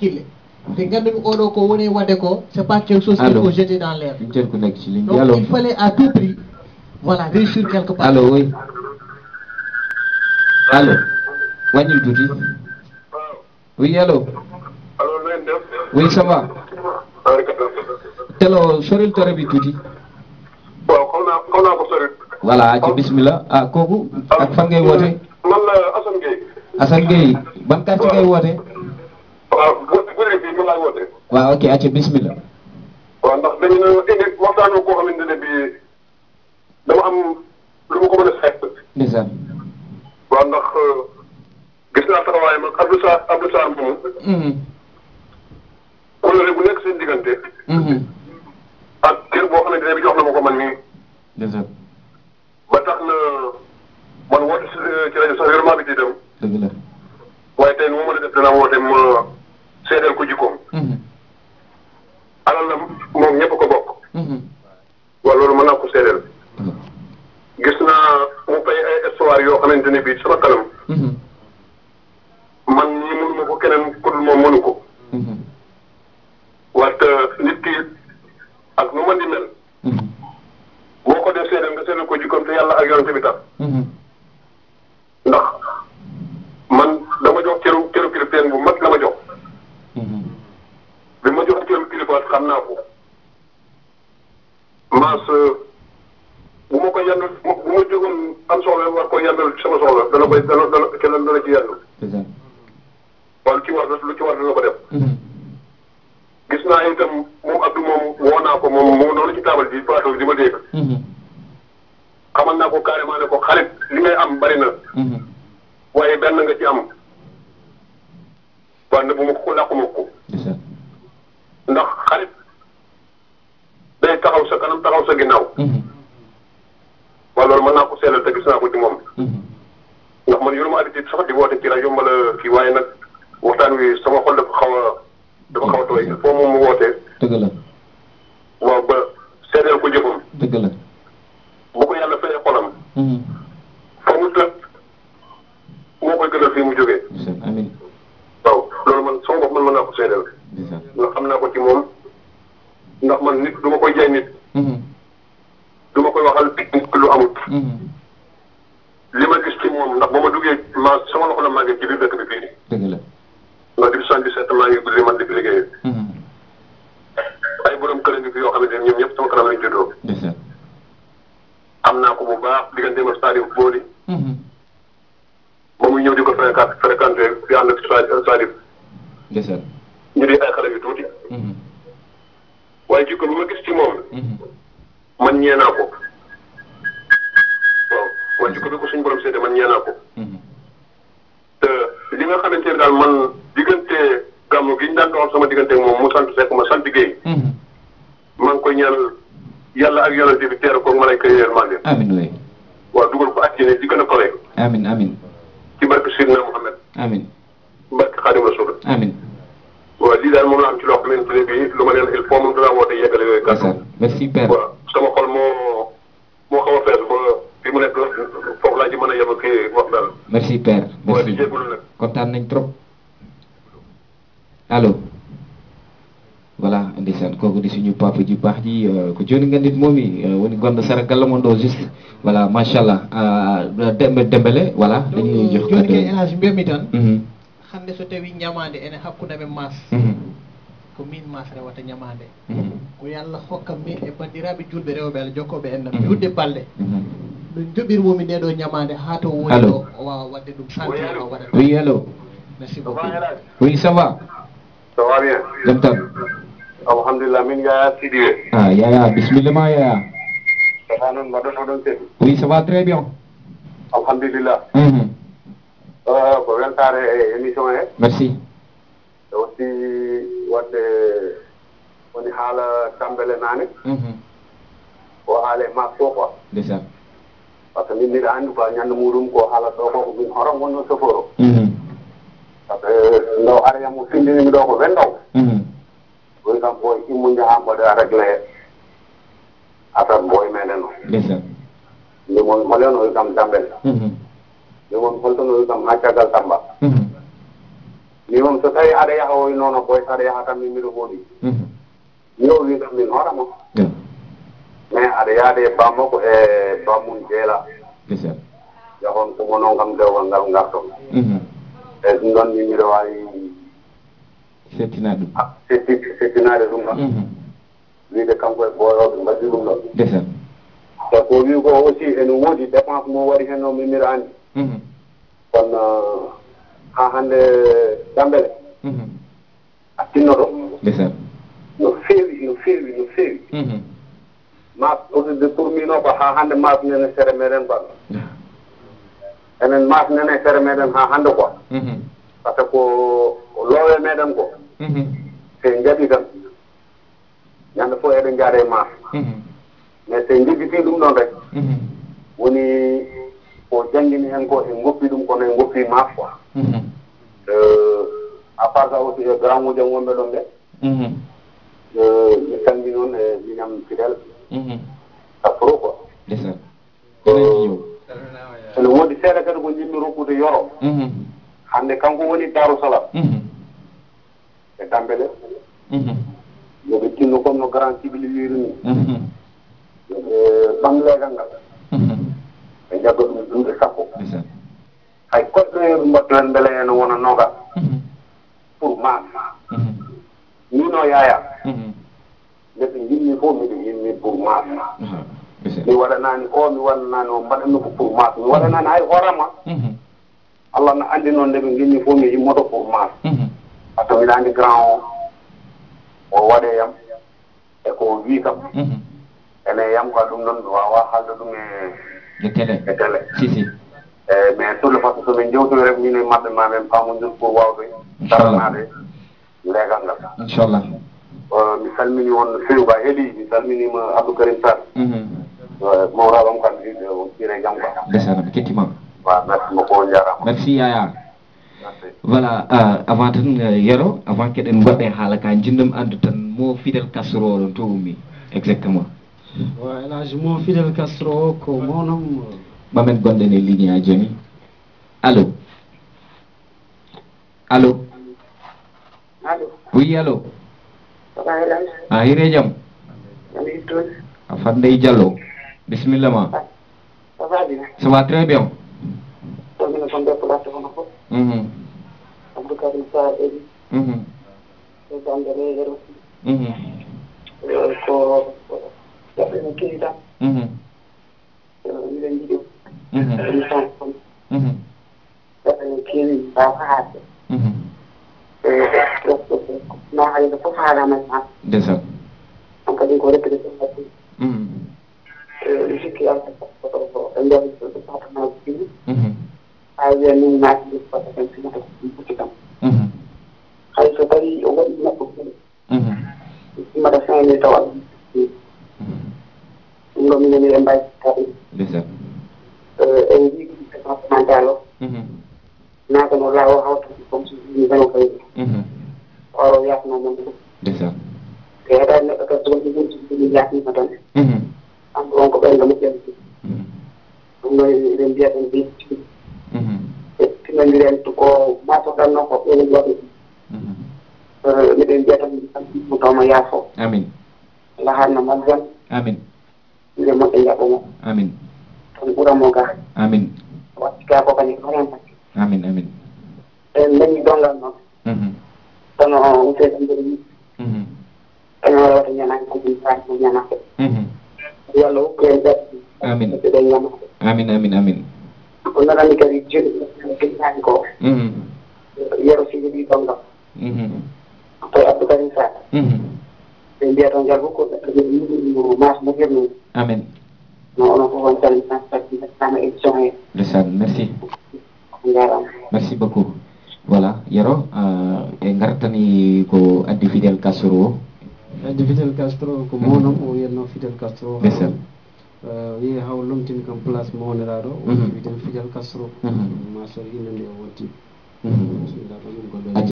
kille te gandumi oɗo ko woni wadde ko c'est pas quelque chose qu'il faut jeter dans l'air donc il fallait à tout prix voilà réussir quelque part Allô, oui Allô. wàññil tuuti oui allo oui ça va Allô, soril Torebi, Bon, a bi Soril. voilà ci bismillah ah kooku ak fan ngay woote ah, man la Assane Gueye Assane Gueye ban quartier ngay woote waaw ok acca bismillah waaw ndax dañu indi waxtaanu koo xamante ne bii dama am lu ma ko mën a seet. ndeysaan. waaw ndax gis naa taxawaay ma Abdou Sarr Abdou Sarr moom. kóllëre bu nekk seen diggante. ak kër boo xamante ne bii jox na ma ko man nii. ndeysaan. ba tax na man woote si ci rajo sax yoruma bi di dem. dëgg la. waaye tey nu ma mën a def danaa woote ma seedeel ko jikkoom. moom ñëpp ko bokk mhm. wa loolu mën naa ko séedeel mhm. gis naa mu fay ay histoire yoo xamante ni bii sama kanam mhm. man ñi mënu ma ko keneen kudul moom mënu ko wante nit ki ak nu ma di mel boo ko def seedel nga seedel ko jikkonte yàlla ak yonante bi tax ndax man dama jox ceru ceru kilifeen bu mag la ma jox bi ma jox ceru kilifaat xam naa ko maas eh, bu ma ko yenn bu ma jógoon am soxla war ko yennal sama soxla dana koy dana dana keneen dana ci yenn wala ci war lu ci war dana ko def mm-hmm. gis naa itam moom Abdou moom woo naa ko moom moo noonu ci taabal bi plateau bi di ma dégg mm-hmm. xamal naa ko carrément ne ko xarit li ngay am bari na mm-hmm. waaye benn nga ci am waaye bu ma ko làquma ko ndax xarit mooy taxaw sa kanam taxaw sa ginnaaw. waaw loolu mën naa ko seelal te gis naa ko ci moom. ndax man yoruma habitude sax di woote ci rajo mbala kii waaye nag waxtaan wi sama xol dafa xaw a dafa xaw a tooy il faut moom mu wootee. dëgg la. waaw ba seedeel ko jëfam. dëgg la. bu ko yàlla fayee xolam. fa mu tëb moo koy gënal fii mu jógee. amiin. bisa temani yëg li man di fi liggéeyee. Mm-hmm. ay borom kër yi yoo xamante ne ñoom ñëpp sama kanam lañ juddoo. am naa ko bu baax digganteem ak Sadio Boli. Mm-hmm. ba muy ñëw di ko fréquenté fréquenté fi ànd ñu di ay xale yu tuuti. Mm-hmm. waaye jikko bi ma gis ci moom. man ñee naa ko. waaw waaye jikko bi ko suñu borom seede man ñee naa ko. te li nga xamante daal man. diggante gàmmu gi ñu sama moom mu ma sant ak ko a di ci la am ci merci père sama xol a fi mu a wax merci père. allo voilà ndeysaan kooku di suñu papa ji bax ji ko joni gandit momi woni gonɗo gal mo ndo juste voilà machallah dembe dembele voilà ñu jox kaddu joni ke elage mi tan hande so tawi ñamaande ene hakkude men mas ko min mas rewata ñamande ko yalla hokka mi e julbe rew rewɓe joko be en nam yudde balle jobir momi ne do ñamaande ha to woni ɗo wadde dum santé wa wadde oui hello merci beaucoup oui ça va Ça va bien. Docteur. Alhamdulillah, min ga studio. Ah, ya, ya, bismillah, ya. Ça va, non, madame, madame, Oui, ça va très bien. Alhamdulillah. Mm -hmm. Euh, pour bien faire l'émission, hein. Merci. Aussi, what, on est à la tambelle, nani. Mm -hmm. Pour Desa. ma sopa. Déjà. Parce que, min, ni, la, nous, pas, n'y a, Mm -hmm. no ariyamo findinimi ɗo ko wendo mm-hmm. ɗum kam boy immu jahamboɗe a régle he asat boy menen o ndimon holeno kam dambel mm-hmm. ndimon holtono kam haccagal tamba mimom mm-hmm. so tawi aɗa yaha oy noono boy so aɗa yaha tan min miɗo hooɗi yo wi kam min hoorama mais aɗa yaade bammako e bammum jeela jahon kumo noon kam dewgal ngal garton eyi ɗum ɗon ni mbiɗa wawi settinade ɗum ah, settinade ɗum ɗon mhm. wiide kanko e ɓooyoɓe mbaddi ɗum ɗon ndesen sabu ko wi ko aussi ene woodi dépense mo waɗi heen o mimmira andi mhm. kono ha hannde dambele mhm. a tinnoto ndesen no feewi no feewi no feewi ma pour min o ko ha hannde maasu nene sere meɗen mbaɗo enen masnene e fere meɗen ha hande quoi par ce que ko mhm. loowe meɗen ko se mhm. jaɓi tan ñande fo eɗen jaade mas mhm. mais se jiggiti ɗum ɗon rek woni ko janggini hen ko e goppi ɗum kono e goppi mas quoi a euh, part ça aussi e grand ngujan wonɓe ɗon ɓe euh, mi sanngi noon e minam fidel yoro mhm. hande kanko woni darusalam mhm. e dambele mhm. yoɓe tinno kom no grand sibili wirini yoɓe ɓamlegal e ngal ɓe jaggo ɗum ɗumɗe sappo hay koɗɗo yoɓe e mbatto hen beele hen wona noga pour mama mino yaya ndeɓe yimmi fo miɗe yimmi pour mama mi waɗanani o mi waɗanani o mbaɗanni ko pour mama mi waɗanani hay horama allah no anndi noon nde ɓe ginni fof mi himmoto pour maas mhm. par ce que mbiɗa anndi grand o o waɗe yam e ko wi kam mhm. ene yam ka ɗum noon wawa haalde ɗum e etele e tele eyi e, mais tout le façon somin jewtoy rek min e maɓɓe ma men pamodir pour wawde saranade legal ngal inchallah mi salmini won few ka heeɗi mi salminima abdou karim sar mhm. mawraɓam kam ɗire jam kaesaa mi kettimama merci beaucoup jarama yaya voilà avant tan yero avant keɗen waɗe haala ka jindam andu tan mo fidel castro o ɗon to ummi exactement elage mo fidel castro o ko mawnom ɓamen gonɗen e ligne a allô allô allô oui allo a hire jam a fandey diallo bisimilla ma ça va très bien Abdou Karim Sarr heɓi e banggue leyɗele ko jaɓɓe no kewi tan miɗen jiɗi émission kon jaɓɓe no kewi mbawa haadde no hayno foof haalama e an ndesa on kadi ko rekkide tan hakkude mi sikki alaa ko ɓe mbiya awiya min naatii fota tan tinata buti kam mhm. hay so tawii o waɗi neɗɗo fuɗo timata fin ni tawa ɗum ɗo minani e mbaytaɓe en wiigi départemental mhm. mhm. o naata no laawo hawta comme so ini weno kay oro yaatnomon te heɗa neɗɗo kadi so wonɗi wurti ɗumi yaatnima tan am on ko ɓenndo moƴƴanti ɗum ɗo eɗen mbiyaten ɓeytiɗi jangiren ko matotanno ko ɓeni waɗu mhm. miɗen mbiyata mutoma yaafo amin allah harna malgan amin nde moɗɗe jaɓomo amin tan ɓuramo ga amin wattika ko kani haran hakke amin amin en dañi dongal noon tono mhm. useededer ni mhm. kañoo rewata ñanaa kañum saarno ñanaɓe yo allah hukku en jaɓ amin ɓeɗe ñanaɓe amin amin amin una namica di bianco mm-hmm. io figlio di donna mm-hmm. poi a poter entrare mm-hmm. quindi ero già buco ma non è lui amen no non può avanzare in tanto merci merci beaucoup voilà yaro uh, eh, e ngartani ko addi fidel castro addi fidel castro ko mono o yerno fidel castro Besel. Eh, wiye haw lomtin kam place mawniraɗo mhm. wiiten fijal kastro ma mhm. sooyi innande o wonti mhm. bisimilla ɗum ɗum goɗɗo